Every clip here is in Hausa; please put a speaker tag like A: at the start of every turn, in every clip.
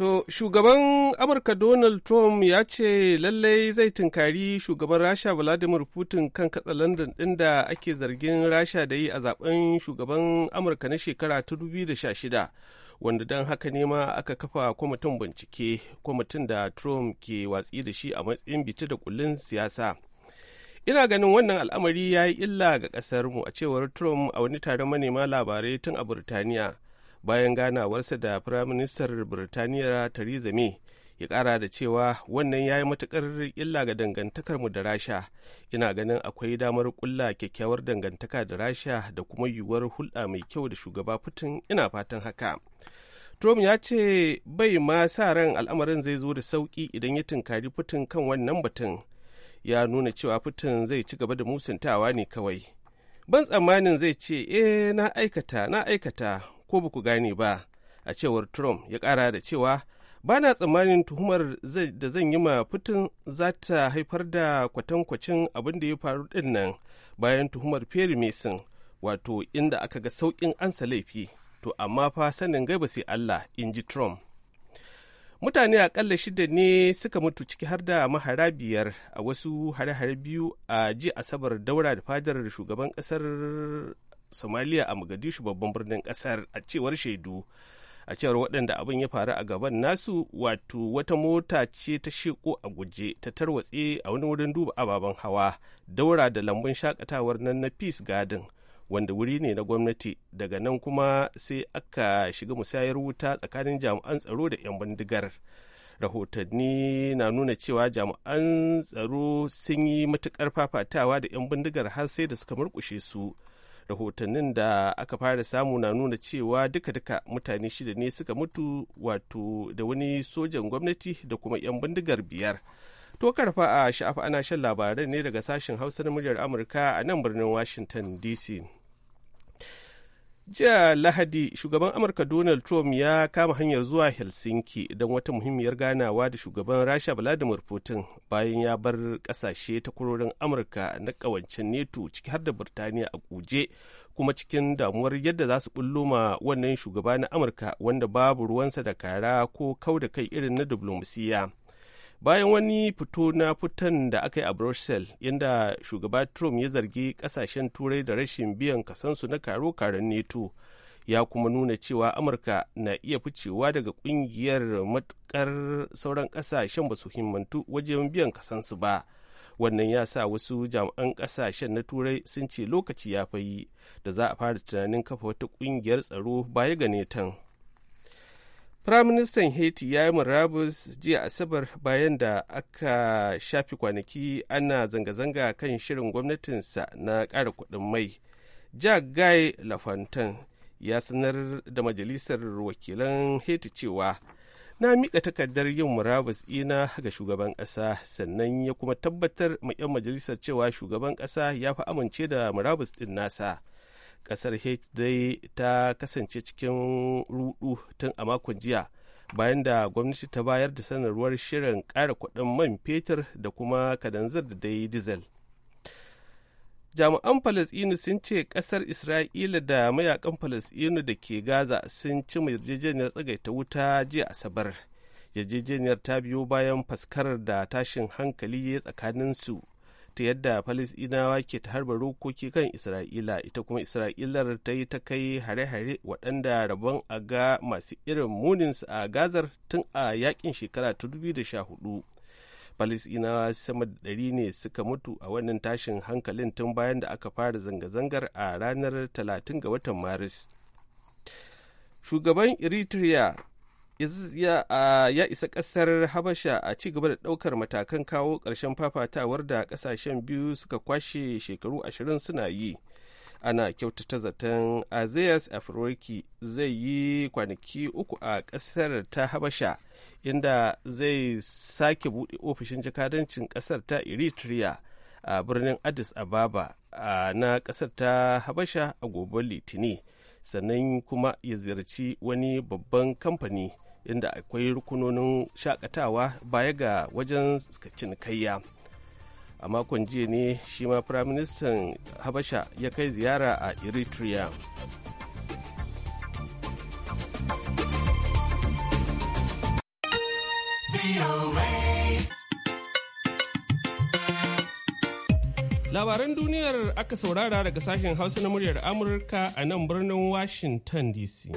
A: To, shugaban Amurka Donald Trump ya ce lallai zai tunkari shugaban Rasha Vladimir Putin kan katsa London ɗin da ake zargin Rasha da yi a zaben shugaban Amurka na shekara ta 2016, wanda don haka ne ma aka kafa kwamitin bincike, kwamitin da Trump ke watsi da shi a matsayin bita da kullun siyasa. Ina ganin wannan al'amari ya yi illa ga ƙasarmu a cewar Trump a wani taron manema labarai tun a Burtaniya. bayan ganawarsa da firaministar birtaniya theresa may ya kara da cewa wannan ya yi matukar illa ga dangantakarmu da rasha ina ganin akwai damar kulla kyakkyawar dangantaka da rasha da kuma yiwuwar hulɗa mai kyau da shugaba putin ina fatan haka trump ya ce bai ma sa ran al'amarin zai zo da sauki idan ya tunkari putin kan wannan batun ya nuna cewa putin zai ci gaba da musuntawa ne kawai ban tsammanin zai ce eh na aikata na aikata ko ba ku gane ba a cewar trump ya kara da cewa ba na tsammanin tuhumar da zan yi ma fitin za ta haifar da kwatankwacin abin da ya faru din bayan tuhumar perry mason wato inda aka ga saukin ansa laifi to amma fa sanin gaiba sai allah in ji trump mutane akalla shida ne suka mutu ciki har da mahara biyar a wasu hare-hare biyu a ji asabar daura da fadar shugaban kasar somaliya a mogadishu babban birnin kasar a cewar shaidu a cewar waɗanda abin ya faru a gaban nasu wato wata mota ce ta sheko a guje ta tarwatse a wani wurin duba ababen hawa daura da lambun shakatawar nan na peace garden wanda wuri ne na gwamnati daga nan kuma sai aka shiga musayar wuta tsakanin jami'an tsaro da 'yan bindigar rahotanni na nuna cewa jami'an tsaro sun yi matukar fafatawa da 'yan bindigar har sai da suka murkushe su rahotannin da aka fara samu na nuna cewa duka-duka mutane shida ne suka mutu wato da wani sojan gwamnati da kuma 'yan bindigar biyar to karfa a sha'afa ana shan labaran ne daga sashen hausa na muryar amurka a nan birnin washington dc jiya lahadi shugaban amurka donald trump ya kama hanyar zuwa helsinki don wata muhimmiyar ganawa da shugaban rasha vladimir putin bayan ya bar kasashe ta kurorin amurka na kawancen neto ciki har da birtaniya a kuje kuma cikin damuwar yadda za su ma wannan shugaba na amurka wanda babu ruwansa da kara ko kau da kai irin na diplomasiya bayan wani fito na fitan da aka yi a brussels inda shugaba trump ya zargi kasashen turai da rashin biyan kasansu na karo-karen neto ya kuma nuna cewa amurka na iya ficewa daga kungiyar matukar sauran kasashen ba su himmantu wajen biyan kasansu ba wannan ya sa wasu jami'an kasashen na turai sun ce lokaci ya fayi da za a fara tunanin kafa wata kungiyar tsaro baya ga netan. Firaministan Haiti ya yi murabus jiya Asabar bayan da aka shafi kwanaki ana zanga-zanga kan shirin gwamnatinsa na ƙara kuɗin mai. Jack Guy Lafontaine ya sanar da Majalisar Wakilan Haiti cewa na mika takardar yin murabus ina ga shugaban ƙasa sannan ya kuma tabbatar ma 'yan majalisar cewa shugaban ƙasa ya fi amince da murabus ɗin nasa kasar haiti dai ta kasance cikin rudu tun a makon jiya bayan da gwamnati ta bayar da sanarwar shirin ƙara kuɗin man fetur da kuma kadanzir da dai diesel jami'an falasɗinu sun ce ƙasar isra'ila da mayakan falasɗinu da ke gaza sun ci mai yarjejeniyar tsagaita wuta jiya asabar yarjejeniyar ta biyo bayan faskarar da tashin hankali ya su. ta yadda Falasɗinawa ke ta harba rokoki kan Isra'ila ita kuma Isra'ilar ta yi ta kai hare-hare waɗanda rabon a ga masu irin muninsu a Gazar tun a yakin shekara ta 2014. Falasɗinawa sama da ɗari ne suka mutu a wannan tashin hankalin tun bayan da aka fara zanga-zangar a ranar 30 ga watan Maris. Shugaban Eritrea ya isa ƙasar habasha a ci gaba da ɗaukar matakan kawo ƙarshen fafatawar da ƙasashen biyu suka kwashe shekaru ashirin suna yi ana kyautata zaton azeas afroki zai yi kwanaki uku a ƙasar ta habasha inda zai sake buɗe ofishin jakadancin ƙasar ta eritrea a birnin addis ababa na ƙasar ta habasha a gobe litini sannan kuma ya ziyarci wani babban kamfani inda akwai rukunonin shakatawa baya ga wajen cinikayya a makon jiya ne shi ma firaministan habasha ya kai ziyara a eritrea labaran duniyar aka saurara daga sashen hausa na muryar amurka a nan birnin washington dc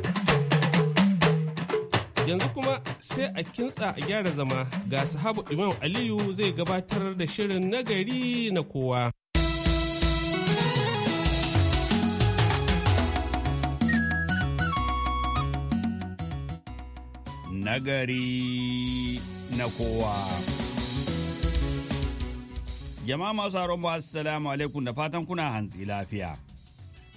A: Yanzu kuma sai a kintsa a gyara zama ga sahabu Imam Aliyu zai gabatar da shirin nagari na kowa.
B: Nagari na kowa. Jama'a masu haron ba, Assalamu alaikum da fatan kuna hantsi lafiya.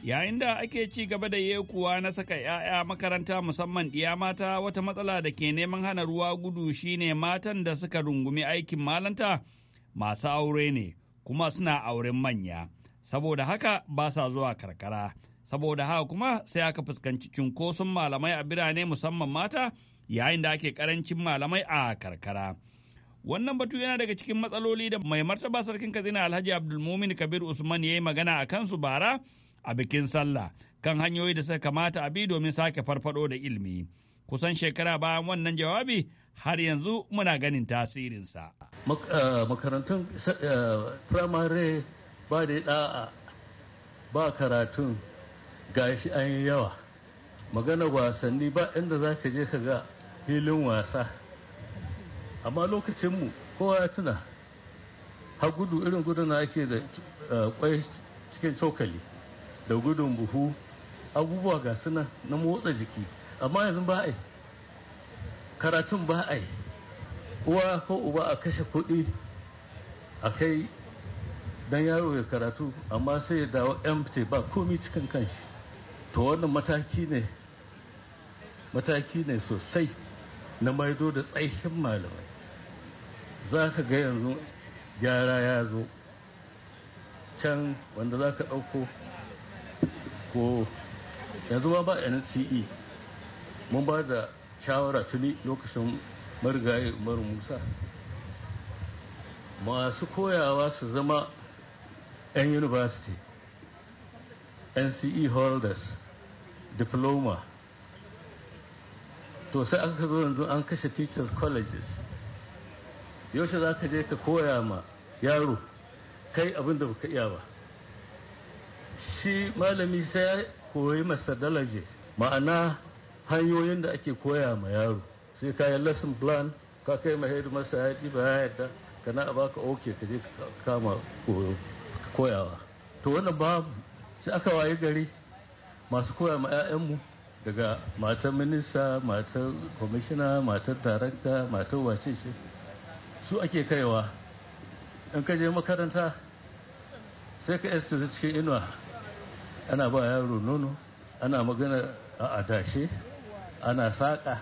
B: Yayin da ake ci gaba da yekuwa na saka 'ya'ya makaranta musamman ɗiya mata wata matsala da ke neman hana ruwa gudu shine matan da suka rungumi aikin malanta masu aure ne kuma suna auren manya. Saboda haka ba sa zuwa karkara. Saboda haka kuma sai aka fuskanci cunkoson malamai a birane musamman mata yayin da ake karancin malamai a karkara. Wannan batu yana daga cikin matsaloli da mai martaba sarkin Katsina Alhaji Abdulmumin Kabir Usman ya yi magana a kansu bara a bikin sallah kan hanyoyi da suka kamata a bi domin sake farfado da ilimi. Kusan shekara bayan wannan jawabi har yanzu muna ganin tasirinsa.
C: Eh, makarantun eh, firamare ba da da'a ba karatun gashi an yi yawa. Magana wasanni ba inda za ka je ka ga filin wasa. Amma lokacinmu kowa ya tuna, har gudu irin gudu na ake da eh, kwai cikin cokali. da gudun buhu abubuwa ga suna na motsa jiki amma yanzu ba a karatun ba a uwa ko uba a kashe kuɗi a kai don yaro ya karatu amma sai ya dawo empty ba komi cikin kanshi to wannan mataki ne mataki ne sosai na maido da tsaihin malamai za ka ga yanzu gyara ya zo can wanda za ka ɗauko ko yanzu ma ba nce mun ba da shawara tuni lokacin marigayi umaru musa masu koyawa su zama 'yan university nce holders diploma to sai aka zo yanzu an kashe teachers colleges yaushe za ka je ka koya ma yaro kai abin da baka iya ba shi malami sai ya koyi masa methodology ma'ana hanyoyin da ake koya ma yaro sai ka yi lesson plan ka kai ma head masa ya ba ya yadda kana a baka oke ka je kama koyawa to wannan babu sai aka waye gari masu koya ma 'ya'yanmu daga matan minista matan kwamishina matan darakta matan wace shi su ake kaiwa in ka je makaranta sai ka yasta cikin inuwa ana ba yaro nono ana magana a adashe ana saƙa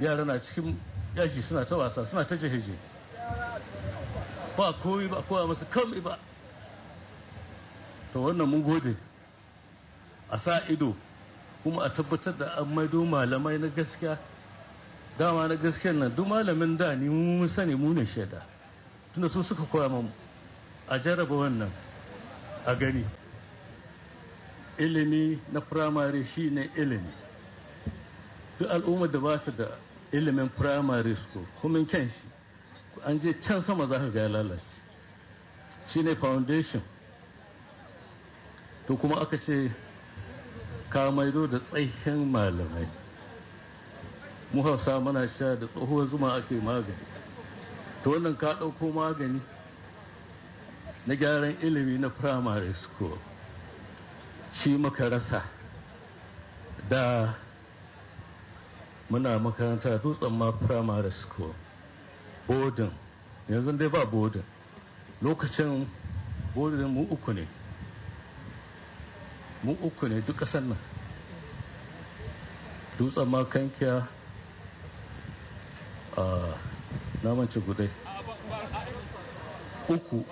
C: yara na cikin yaji suna ta wasa suna ta jeheje ba koyi ba kowa masu kame ba to wannan mun gode a sa ido kuma a tabbatar da an maido malamai na gaskiya dama na gaskiyar na duk malamin da ni mun sani mu ne shaida tunda su suka koya mamu a jarraba wannan a gani ilimi na firamare shi ne ilimi duk al'umma da ba ta da ilimin firamare ko kuma kyan shi an je can sama za ka ga lalace shi ne foundation to kuma aka ce ka maido da tsayin malamai mu hausa muna sha da tsohuwar zuma ake magani to wannan ka ɗauko magani na gyaran ilimi na su school shi muka rasa da muna makaranta dutsen ma primary school boarding yanzu dai ba boarding lokacin boarding mu uku ne mu uku ne duk ƙasar nan dutsen ma kankiya a namance gudai uku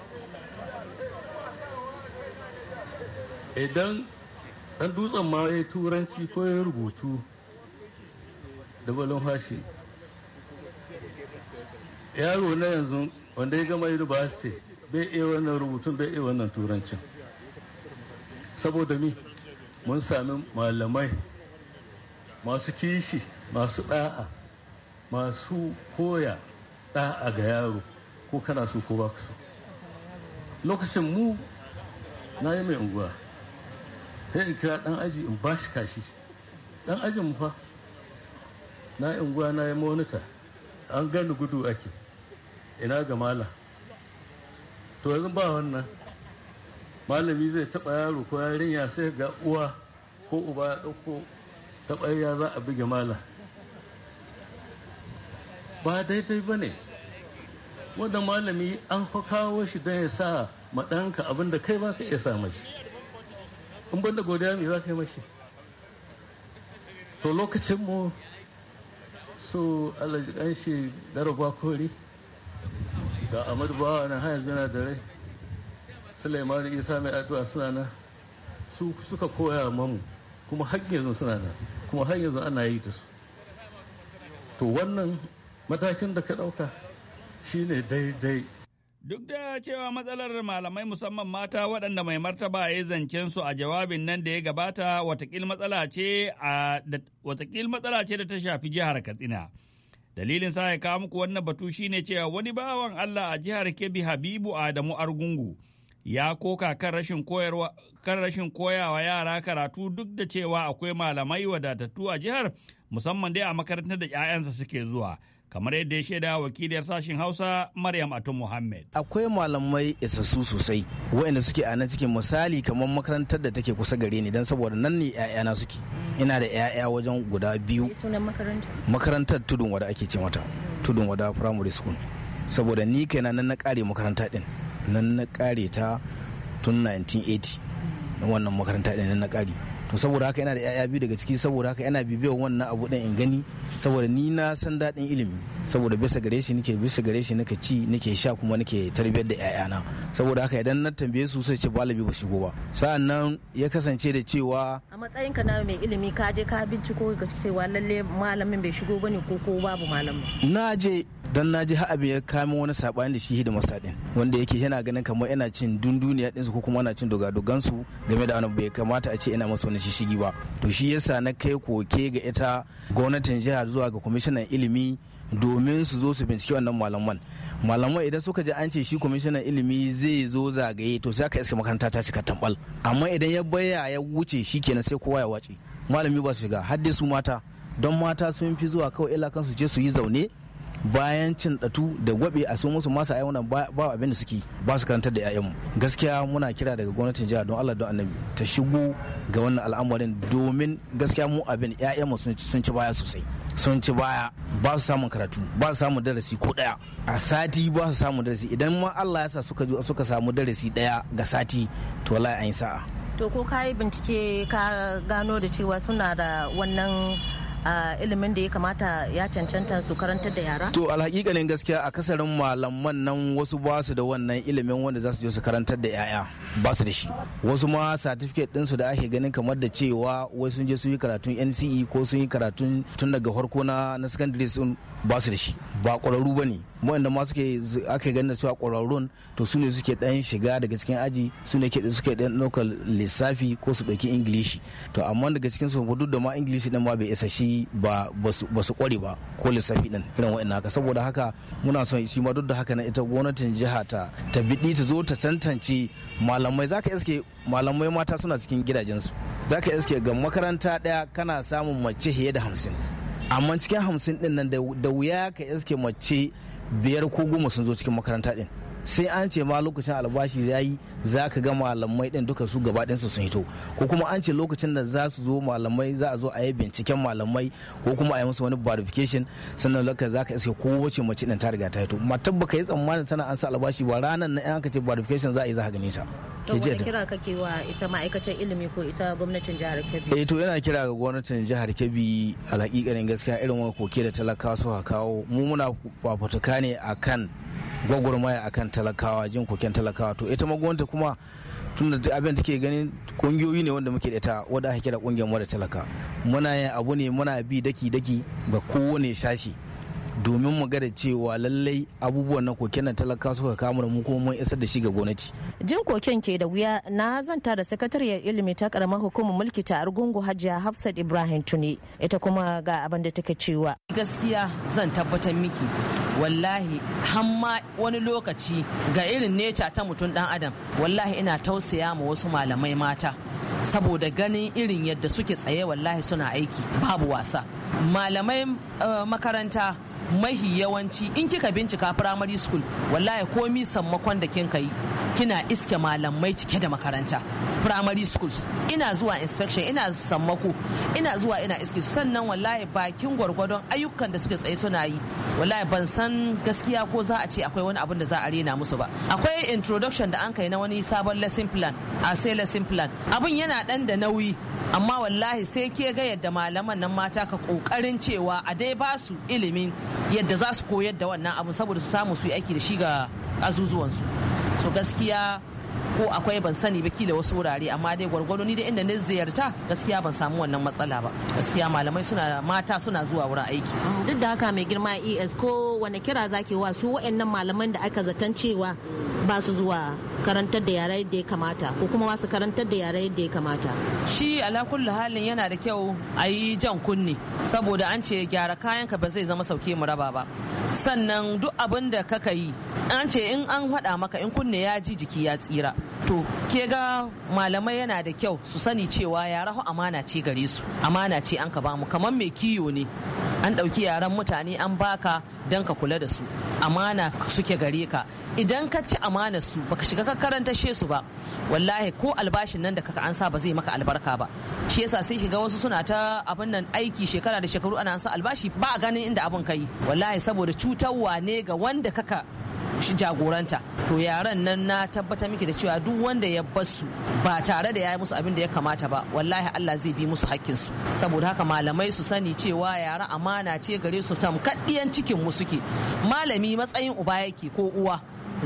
C: idan dan dutsen ma ya turanci ko ya rubutu da balon hashi yaro na yanzu wanda ya gama university bai iya wannan rubutun bai iya wannan turancin saboda mi mun sami malamai masu kishi masu ɗa'a masu koya ɗa'a ga yaro ko kana so ko ba so lokacin mu na yi mai unguwa sai in kira dan aji in ba shi kashi dan aji mu fa na unguwa na yi monika an gani gudu ake ina ga malam to yanzu ba wannan malami zai taba yaro ko yarinya sai ga uwa ko uba ya taba taɓarya za a buge malam ba daidai ba ne wanda malami an kawo shi don ya sa maɗanka abinda kai ba ka iya sa shi. in banda godiya me za ka yi mashi to lokacin mu so alhaji shi daraba kori ga amadu bawa na hanyar zina da rai suleiman isa mai addu'a suna na su suka koya mamu kuma har yanzu suna na kuma hanyar yanzu ana yi da su to wannan matakin da ka ɗauka shine daidai
B: Duk da cewa matsalar malamai musamman mata waɗanda mai martaba ya zancen su a jawabin nan da ya gabata watakil matsala ce da ta shafi jihar Katsina. Dalilin sa ya kawo muku wannan batu shine cewa wani bawan Allah a jihar Kebbi Habibu Adamu Argungu ya koka kan rashin koyarwa kan rashin koyawa yara karatu duk da cewa akwai malamai wadatattu a jihar musamman dai a makarantar da 'ya'yansa suke zuwa. kamar yadda ya shaida wakiliyar sashen hausa maryam atun muhammed
D: akwai malamai isassu sosai waɗanda suke a nan cikin misali kamar makarantar da take kusa gare ni don saboda nan ne na suke ina da 'ya'ya wajen guda biyu makarantar tudun wada ake ce mata tudun wada primary school saboda ni kaina nan na kare makaranta din nan na kare ta tun 1980 wannan makaranta din nan na kare to saboda haka yana da yaya biyu daga ciki saboda haka yana bibiyar wannan abu ɗin in gani saboda ni na san daɗin ilimi saboda bisa gare shi nake bisa gare shi nake ci nake sha kuma nake tarbiyyar da na saboda haka idan na tambaye su sai ce balabi ba shigo ba sa'annan ya kasance da cewa
E: a matsayin ka na mai ilimi ka je ka binciko ga cewa lalle malamin bai shigo bane ko ko babu malamin
D: na je dan na ji abin ya kama wani sabani da shi hidima din wanda yake yana ganin kamar yana cin dunduniya ɗinsu ko kuma yana cin dogadogansu game da wani bai kamata a ce ina masu wani shishigi ba to shi yasa na kai koke ga ita gwamnatin jihar zuwa ga kwamishinan ilimi domin su zo su binciki wannan malaman malaman idan suka ji an ce shi kwamishinan ilimi zai zo zagaye to sai aka iska makaranta ta cika tambal amma idan ya baya ya wuce shi kenan sai kowa ya wace malami ba su shiga har dai su mata don mata sun fi zuwa kawai ilakan su je su yi zaune bayan cin datu da gwabe a su musu masu ayyuna ba abin da suke ba su karantar da 'ya'yanmu gaskiya muna kira daga gwamnatin jihar don allah don annabi ta shigo ga wannan al'amarin domin gaskiya mu abin 'ya'yanmu sun ci baya sosai sun ci baya ba su samun karatu ba su samun darasi ko daya a sati ba su samun darasi idan ma allah ya sa suka suka samu darasi daya ga sati to wallahi an yi sa'a
E: to ko ka bincike ka gano da cewa suna da wannan ilimin da ya kamata ya cancanta su karantar da yara? To
D: gaskiya a kasarin malaman nan wasu ba su da wannan ilimin wanda za su je su karantar da yaya ba su da shi. Wasu ma certificate ɗinsu da ake ganin kamar da cewa wai sun je sun yi karatun NCE ko sun yi karatun tun daga farko na na secondary sun ba su da shi ba ƙwararru ba ne. Wanda ma suke ake ganin cewa ƙwararrun to su ne suke ɗan shiga daga cikin aji su ne suke ɗan ɗaukar lissafi ko su ɗauki ingilishi. To amma daga cikin su duk da ma ingilishi ɗin ma bai isa shi ba ba su kware ba ko lissafi din irin wa'in haka saboda haka muna son shi ma duk da haka na ita gwamnatin jiha ta ta biɗi ta zo ta tantance malamai zaka iske malamai mata suna cikin gidajensu zaka iske ga makaranta ɗaya kana samun mace fiye da hamsin amma cikin hamsin din nan da wuya ka iske mace biyar ko goma sun zo cikin makaranta din sai an ce ma lokacin albashi ya yi za ka ga malamai ɗin duka su gaba sun hito ko kuma an ce lokacin da za su zo malamai za a zo a yi binciken malamai ko kuma a yi musu wani verification sannan lokacin za ka iske wace mace ɗin ta riga ta hito matar baka yi tsammanin tana an sa albashi ba ranar na an ka ce verification za a yi za ka gane ta. to wani kira
E: kake wa ita ma'aikatar ilimi ko ita gwamnatin jihar kebbi.
D: eh to yana kira ga gwamnatin jihar kebbi hakikanin gaskiya irin wani koke da talakawa suka kawo mu muna fafutuka ne akan gwagwarmaya a kan talakawa jin koken talakawa to ita magwanta kuma tun da abin da take ganin kungiyoyi ne wanda muke da ta wadda ake kira kungiyar mara talaka muna yin abu ne muna bi daki daki ga kowane shashi domin mu gada cewa lallai abubuwan na koken na talaka suka kama da mu kuma mun isar da shi ga gwamnati. Jin koken ke da
E: wuya na zanta da sakatariyar ilimi ta karamar hukumar mulki ta Argungu Hajiya Hafsat Ibrahim Tuni ita kuma ga abin da take cewa.
F: Gaskiya zan tabbatar miki wallahi hamma wani lokaci ga irin neca ta mutum dan adam wallahi ina tausaya ma wasu malamai mata saboda ganin irin yadda suke tsaye wallahi suna aiki babu wasa malamai eh, makaranta mahi yawanci in kika bincika primary school wallahi komi sammakon da kin kai kina iske malamai cike da makaranta primary schools ina zuwa inspection ina sammako ina zuwa ina iske sannan wallahi bakin gwargwadon ayyukan da suke tsaye suna yi wallahi ban san gaskiya ko za a ce akwai wani abin da za a rena musu ba akwai introduction da an kai na wani sabon lesson plan a sai lesson plan abun yana dan da nauyi amma wallahi sai ke ga yadda malaman nan mata ka kokarin cewa a dai basu ilimin yadda za su koyar da wannan abu saboda su samu su yi aiki da shi ga azuzuwansu so gaskiya ko akwai ban sani ba kila wasu wurare amma dai gwargwado ni da inda na ziyarta gaskiya ban samu wannan matsala ba gaskiya malamai suna mata suna zuwa wurin aiki
E: duk da haka mai girma es ko wani kira zake wa su waɗannan malaman da aka zaton cewa ba su zuwa karantar da yara yadda ya kamata ko kuma wasu karantar da yara yadda ya kamata shi alakullu halin yana da kyau
F: a yi jan kunni saboda an ce gyara kayanka ba zai zama sauke mu raba ba sannan duk abin da kaka yi an ce in an haɗa maka in kunne ya ji jiki ya tsira to ke ga malamai yana da kyau su sani cewa yara ho amana ce gare su amana ce an ka bamu kamar mai kiyo ne an ɗauki yaran mutane an baka don ka kula da su amana suke gare ka idan ka ci amana su baka shiga ka karanta she su ba wallahi ko albashin nan da kaka an sa ba zai maka albarka ba shi yasa sai shiga wasu suna ta abin nan aiki shekara da shekaru ana sa albashi ba ganin inda abin kai wallahi saboda cutarwa ne ga wanda kaka jagoranta to yaran nan na tabbatar miki da cewa duk wanda ya basu ba tare da ya yi musu abin da ya kamata ba wallahi Allah zai bi musu hakkin su saboda haka malamai su sani cewa yara amana ce gare su tamkaddiyan cikin mu suke malami matsayin uba yake ko uwa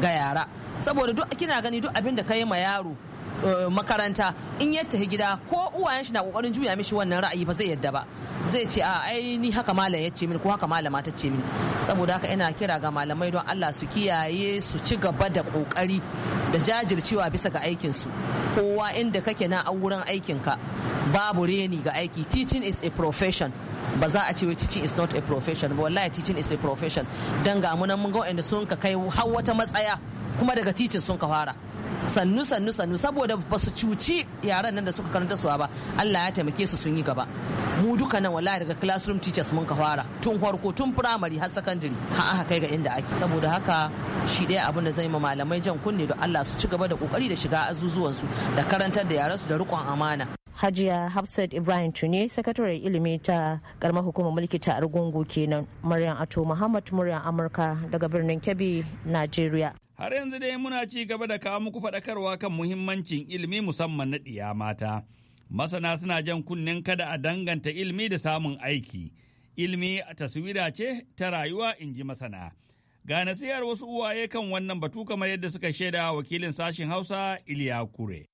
F: ga yara saboda duk kina gani duk abin da ka yi ma yaro Eh, makaranta in ya tafi gida ko uwayen shi na kokarin juya mishi wannan ra'ayi ba zai yadda ba zai ce a ai ni haka malam ya ce mini ko haka malama ta ce mini saboda haka ina kira ga malamai don Allah su kiyaye su ci gaba da kokari da jajircewa bisa ga aikin su kowa inda kake na a wurin ka babu reni ga aiki teaching is a profession ba za a ce wai teaching is not a profession ba wallahi teaching is a profession dan ga munan mun ga wanda sun ka kai har wata matsaya kuma daga teaching sun ka fara sannu sannu sannu saboda ba su cuci yaran nan da suka karanta suwa ba Allah ya taimake su sun yi gaba mu duka nan wallahi daga classroom teachers mun ka fara tun farko tun primary har secondary har aka kai ga inda ake saboda haka shi ɗaya abin da zai ma malamai jan kunne don Allah su ci gaba da kokari da shiga azuzuwan su da karantar da yaran su da riƙon amana
E: Hajiya Hafsat Ibrahim Tune, sakataren ilimi ta karamar hukumar mulki ta Argungu kenan. Maryam Ato Muhammad Muryan Amurka daga birnin Kebbi, nigeria.
B: Har yanzu dai muna ci gaba da kawo muku faɗakarwa kan muhimmancin ilimi musamman na ɗiya mata. Masana suna jan kunnen kada a danganta ilimi da samun aiki. Ilimi taswira ce ta rayuwa in ji masana. Ga nasihar wasu uwaye kan wannan batu kamar yadda suka shaida wakilin sashen Hausa Iliya Kure.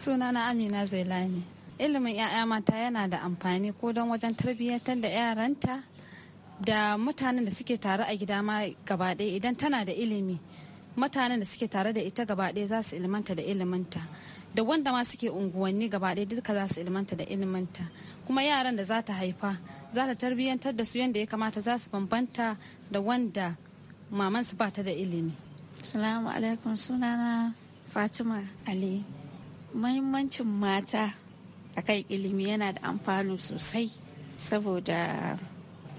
G: Sunana Amina Zailani. Ilimin 'ya'ya mata yana da amfani ko don wajen tarbiyyantar da yaranta da mutanen da suke tare a gida ma gaba ɗaya idan tana da ilimi mutanen da suke tare da ita gaba ɗaya za su ilmanta da iliminta da wanda ma suke unguwanni gaba ɗaya duka za su ilmanta da ilmanta kuma yaran da za ta haifa za ta tarbiyyantar da su yadda ya kamata za su bambanta da wanda mamansu ba ta da ilimi. Salamu alaikum sunana Fatima Ali. Muhimmancin mata a kan ilimi yana da amfani sosai saboda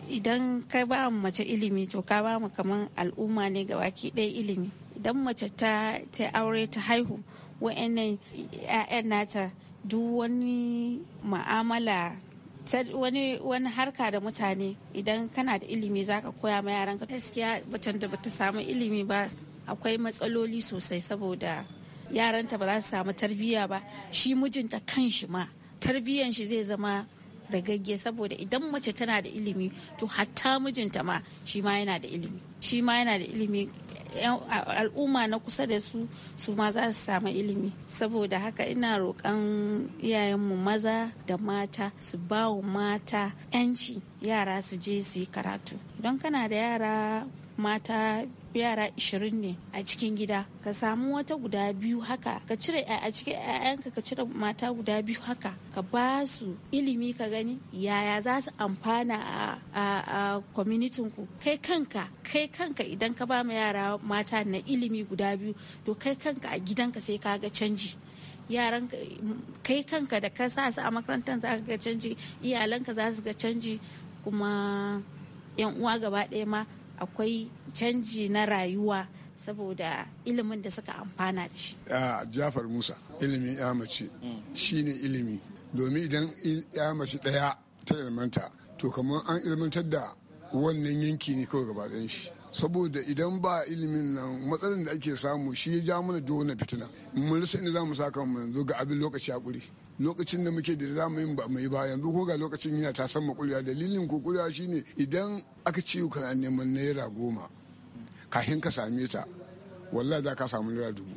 G: idan ka ba mace ilimi to ka ba mu kamar al'umma ne ga baki ɗaya ilimi dan mace ta aure ta haihu wa'annan 'ya'yan nata duk wani ma'amala wani wani harka da mutane idan kana da ilimi zaka koya ma yaran ka gaskiya bacin da bata samu ilimi ba akwai matsaloli sosai saboda yaranta ba za su samu tarbiyya ba shi mijinta kan shi ma tarbiyyan shi zai zama ragagge saboda idan mace tana da ilimi to hatta mijinta ma shi ma yana da ilimi shi ma yana da ilimi al'umma na kusa da su su ma za su samu ilimi saboda haka ina roƙon iyayenmu maza da mata su ba wa mata 'yanci yara su je su yi karatu don kana da yara mata yara 20 ne a cikin gida ka samu wata guda biyu haka ka cire a cikin 'ya'yanka ka cire mata guda biyu haka ka ba su ilimi ka gani yaya za su amfana a kwaminitin ku kai kanka kai kanka idan ka ba ma yara mata na ilimi guda biyu to kai kanka a gidanka sai ka ga canji yaran kai kanka da ka sa su a makarantar za ka ga canji iyalanka za su ga canji kuma yan uwa gaba ɗaya ma akwai canji na rayuwa saboda ilimin da suka amfana da shi.
H: A Jafar Musa ilimin ya mace shi ne ilimi domin idan ya mace ɗaya ta ilmanta to kamar an ilmantar da wannan yanki ne kawai gaba ɗan shi. saboda idan ba ilimin nan matsalar da ake samu shi ya ja mana wani fitina mun rasa inda za mu sa mu yanzu ga abin lokaci a ƙuri lokacin da muke da za mu yi ba mai ba yanzu ko ga lokacin yana ta san makuriya dalilin shi shine idan aka ce kana neman naira goma kahin ka same ta wallahi za ka samu naira dubu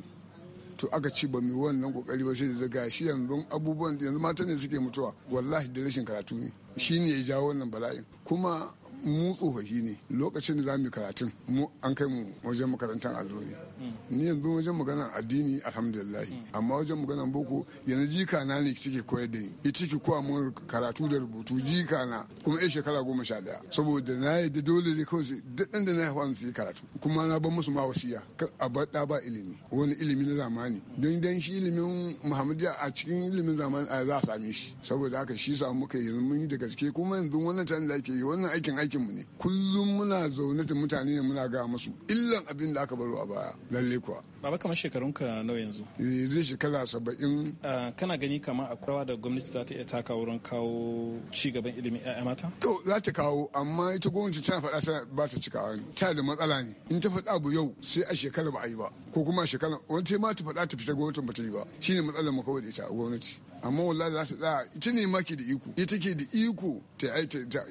H: to aka ci ba mai wannan kokari ba sai da daga shi yanzu abubuwan yanzu mata ne suke mutuwa wallahi da rashin karatu ne shi ne ya jawo wannan bala'in kuma mu tsofaffi ne lokacin da za mu karatun mu an kai mu wajen makarantar allo ne hmm. ni yanzu wajen magana addini alhamdulillah hmm. amma wajen magana boko yanzu jika na ne cike koyar da ni ita ki koya mun karatu da rubutu jika na kuma ya shekara goma sha daya saboda na da dole ne kawai duk da na yi su yi karatu kuma na ban musu ma wasiya a da ba ilimi wani ilimi na zamani don dan shi ilimin muhammadiya a cikin ilimin zamani a za a same shi saboda haka shi samu muka yanzu mun yi da gaske kuma yanzu wannan tani da ake wannan aikin aiki aikinmu ne kullum muna zaune da mutane ne muna ga musu illan abin da aka baro a baya lalle kuwa baba kamar shekarun ka nawa yanzu eh, zai shekara saba'in kana gani kamar a kurawa da gwamnati za ta iya taka wurin kawo ci gaban ilimin ya'ya mata to za ta kawo amma ita gwamnati tana faɗa ba ta cikawa ne ta da matsala ne in ta faɗa abu yau sai a shekara ba a yi ba ko kuma shekara wani ta ma ta faɗa ta fita gwamnati ba ta yi ba shine matsalar mu kawai da ita gwamnati amma wallahi za su tsaya ita ne maki da iko ita ke da iko ta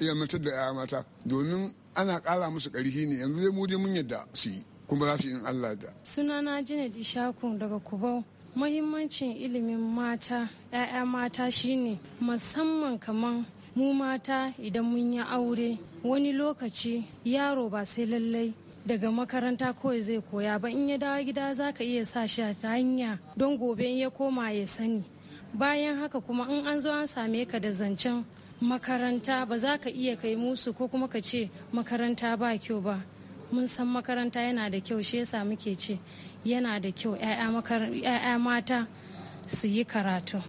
H: ilmantar da ya mata domin ana kara musu karfi ne yanzu dai mu mun yadda su yi kuma za su yi Allah da.
G: suna na Sunana Janet Ishaku daga Kubau. Muhimmancin ilimin mata, 'ya'ya mata shine musamman kamar mu mata idan mun yi aure wani lokaci yaro ba sai lallai daga makaranta kawai zai koya ba in ya dawo gida za ka iya sa shi ta hanya don gobe ya koma ya sani bayan haka kuma in an zo an same ka da zancen makaranta ba za ka iya kai musu ko kuma ka ce makaranta ba kyau ba mun san makaranta yana da kyau shi yasa muke ce yana da kyau 'ya'ya mata su yi karatu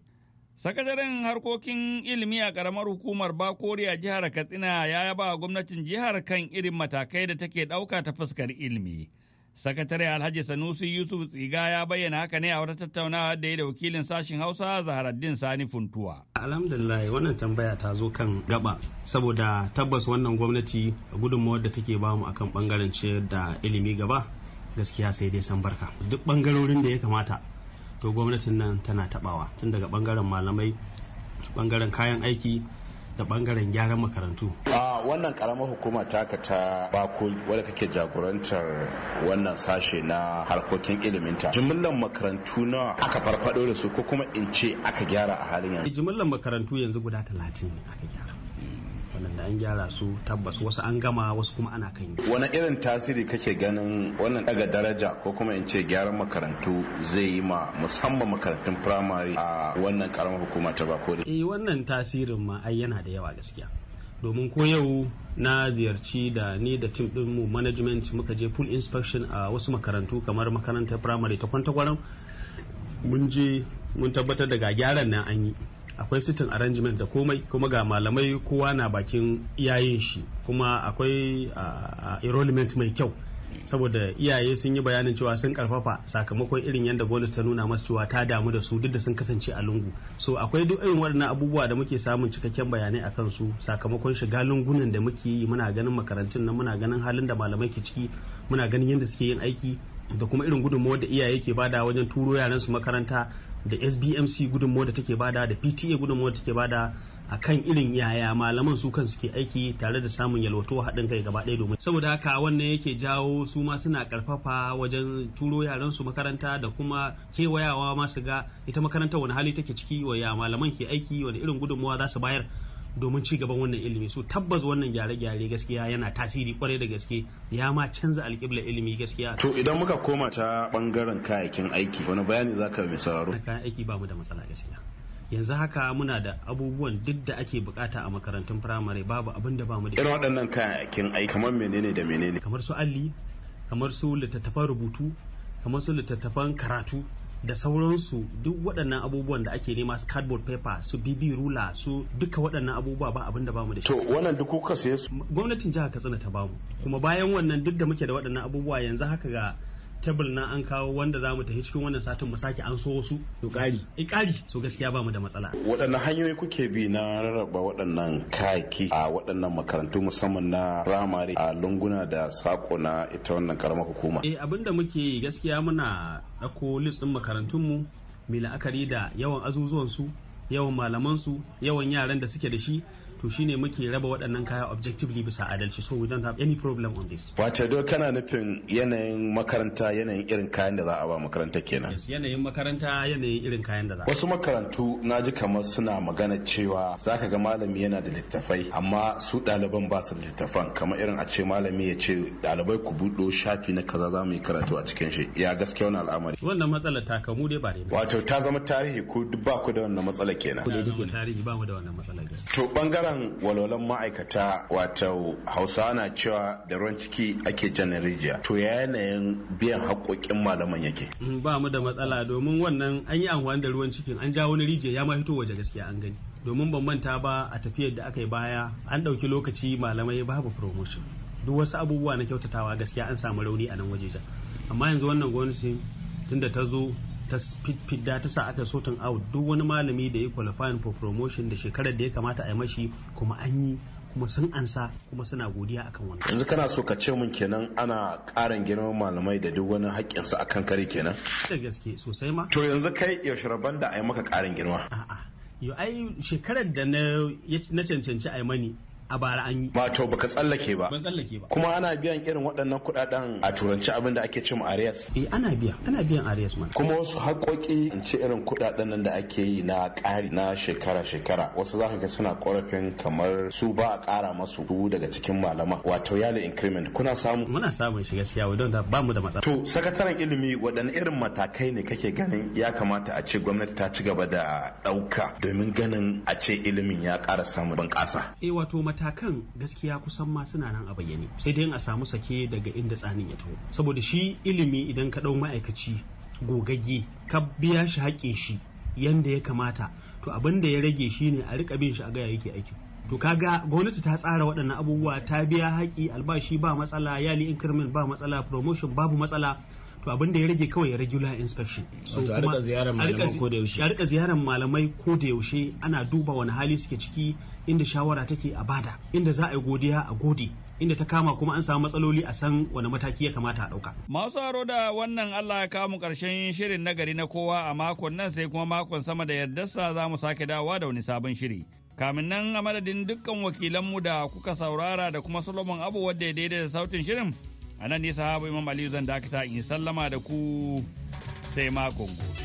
B: sakataren harkokin ilimi a karamar hukumar bakoriya jihar katsina ya yaba gwamnatin jihar kan irin matakai da take ɗauka ta fuskar ilimi Sakatare Alhaji Sanusi Yusuf Tsiga ya bayyana haka ne a wata tattaunawa da ya da wakilin sashen Hausa Zaharaddin Sani Funtuwa.
I: Alhamdulillah wannan tambaya ta zo kan gaba saboda tabbas wannan gwamnati gudunmawar da take bamu akan bangaren ciyar da ilimi gaba gaskiya sai dai san barka. Duk bangarorin da ya kamata to gwamnatin nan tana tabawa tun daga bangaren malamai bangaren kayan aiki da bangaren gyaran makarantu
J: a wannan karamar hukuma ta taka ta bako wadda kake jagorantar wannan sashe na harkokin iliminta jimillan makarantu nawa aka farfado da su ko kuma in ce aka gyara a halin yanzu
I: jimillan makarantu yanzu guda talatin aka gyara wannan an gyara su tabbas wasu an gama wasu kuma ana kan
J: yi. Wani irin tasiri kake ganin wannan daga daraja ko kuma in ce gyaran makarantu zai yi ma musamman makarantun
I: firamare a wannan karamar hukuma ta Bakore? Eh wannan tasirin ma ai yana da yawa gaskiya. Domin ko yau na ziyarci da ni da tim din mu management muka je full inspection a wasu makarantu kamar makarantar firamare ta kwantagwaram mun je mun tabbatar daga gyaran nan an yi akwai sitin arrangement da komai kuma ga malamai kowa na bakin iyayen shi kuma akwai enrollment mai kyau saboda iyaye sun yi bayanin cewa sun karfafa sakamakon irin yadda gwamnati ta nuna masu cewa ta damu da su duk da sun kasance a lungu so akwai duk irin waɗannan abubuwa da muke samun cikakken bayanai a kan su sakamakon shiga lungunan da muke yi muna ganin makarantun nan muna ganin halin da malamai ke ciki muna ganin yadda suke yin aiki da kuma irin gudunmawar da iyaye ke bada wajen turo yaran su makaranta da SBMC gudunmawar da take bada da PTA gudunmawar da take bada a kan irin yaya malaman su kansu ke aiki tare da samun yalwato haɗin kai gaba ɗaya domin saboda haka wannan yake jawo su ma suna karfafa wajen turo yaran su makaranta da kuma kewayawa ma su ga ita makarantar wani hali take ciki wa ya malaman ke aiki wani irin gudunmawa za su bayar domin ci gaban wannan ilimi su tabbas wannan gyare-gyare gaskiya yana tasiri kwarai da gaske ya ma canza alƙibla ilimi gaskiya to
J: idan muka koma ta bangaren kayakin aiki wani bayani za zaka mai sauraro
I: kayan aiki ba mu da matsala gaskiya yanzu haka muna da abubuwan duk da ake bukata a makarantun firamare babu abin da ba mu da irin
J: waɗannan kayakin aiki kamar menene da menene
I: kamar su alli kamar su littattafan rubutu kamar su littattafan karatu da sauransu duk waɗannan abubuwan da ake nema su cardboard paper su bb rula su duka waɗannan abubuwa ba abin da bamu da shi to wannan duk kuka saye su gwamnatin jihar Katsina ta bamu kuma bayan wannan duk da muke da waɗannan abubuwa yanzu haka ga tebul na an kawo wanda za mu tafi cikin wannan satin mu sake an so wasu to e kari eh, so gaskiya ba mu da matsala
J: waɗannan hanyoyi kuke bi na rarraba waɗannan kayaki a waɗannan makarantu musamman na ramare a lunguna da sako na ita wannan karamar hukuma eh
I: abinda muke gaskiya muna dauko list ɗin mu mai la'akari da yawan azuzuwan su yawan malamansu yawan yaran da suke da shi to shine muke raba waɗannan kaya objectively bisa adalci so we don't have any problem on this
J: wace do kana nufin yanayin makaranta yanayin irin kayan da za a ba makaranta kenan yes
I: yanayin makaranta yanayin irin kayan da za wasu
J: makarantu na ji kamar suna magana cewa zaka ga malami yana da littafai amma su ɗaliban ba su da littafan kamar irin a ce malami ya ce ɗalibai ku buɗo shafi na kaza za mu yi karatu a cikin shi ya gaskiya wani al'amari
I: wannan matsalar ta kamu dai ba ne wato ta
J: zama tarihi ko duk ba ku da wannan matsala kenan
I: tarihi da wannan matsala to bangaren kan walwalan
J: ma'aikata wato hausa na cewa da ruwan ciki ake janar rijiya to ya yanayin biyan haƙoƙin malaman yake
I: mm, ba mu da matsala domin wannan an yi amfani da ruwan cikin an ja wani rijiya ya ma fito waje gaskiya an gani domin ban manta ba a tafiyar da aka yi baya an ɗauki lokaci malamai babu promotion duk wasu abubuwa na kyautatawa gaskiya an samu rauni a nan wajejen amma yanzu wannan gwamnati tunda ta zo ta fidda ta sa aka sotin out duk wani malami da ya qualifying for promotion da shekarar da ya kamata a yi mashi kuma an yi kuma sun ansa kuma suna godiya akan
J: wannan yanzu kana so ka ce mun kenan ana karin girman malamai da duk wani haƙƙin su akan kare kenan
I: da gaske sosai ma to yanzu kai yaushe rabon
J: da a yi maka karin girma a'a
I: yo ai shekarar da na cancanci a mani a bara an yi. Wato baka tsallake ba. Ban tsallake ba. Kuma ana biyan irin waɗannan kuɗaɗen
J: a turanci abin da ake cin arias. Eh ana biya, ana biyan arias mana. Kuma wasu haƙoƙi in ce irin kuɗaɗen nan da ake yi na ƙari na shekara-shekara. Wasu za ka ga suna ƙorafin kamar su ba a ƙara masu dubu daga cikin malama. Wato yali increment
I: kuna samu. Muna samun shi gaskiya don
J: da ba mu da matsala. To sakataren ilimi waɗanne irin matakai ne kake ganin ya kamata a ce gwamnati ta ci gaba da ɗauka domin ganin a ce ilimin ya ƙara samun bunƙasa.
I: Eh wato matakan gaskiya kusan ma suna nan a bayyane sai dai a samu sake daga inda tsanin ya taho saboda shi ilimi idan ka ɗau ma'aikaci gogagge ka biya shi haƙe shi yanda ya kamata to abin da ya rage shi ne a riƙa bin shi a gaya yake aiki to kaga gwamnati ta tsara waɗannan abubuwa ta biya haƙi albashi ba matsala yali increment ba matsala promotion babu matsala to abin da ya rage kawai ya regular inspection so kuma a rika ziyarar malamai ko da yaushe ana duba wani hali suke ciki inda shawara take a bada inda za a yi godiya a gode inda ta kama kuma an samu matsaloli a san wani mataki ya kamata a ɗauka.
B: Masu haro da wannan Allah ya kamu ƙarshen shirin nagari na kowa a makon nan sai kuma makon sama da yardarsa za mu sake dawowa da wani sabon shiri. Kamin nan a madadin dukkan wakilanmu da kuka saurara da kuma Solomon Abu wadda ya daidai da sautin shirin. A nan nisa habu Imam Aliyu zan dakata in sallama da ku sai makon gobe.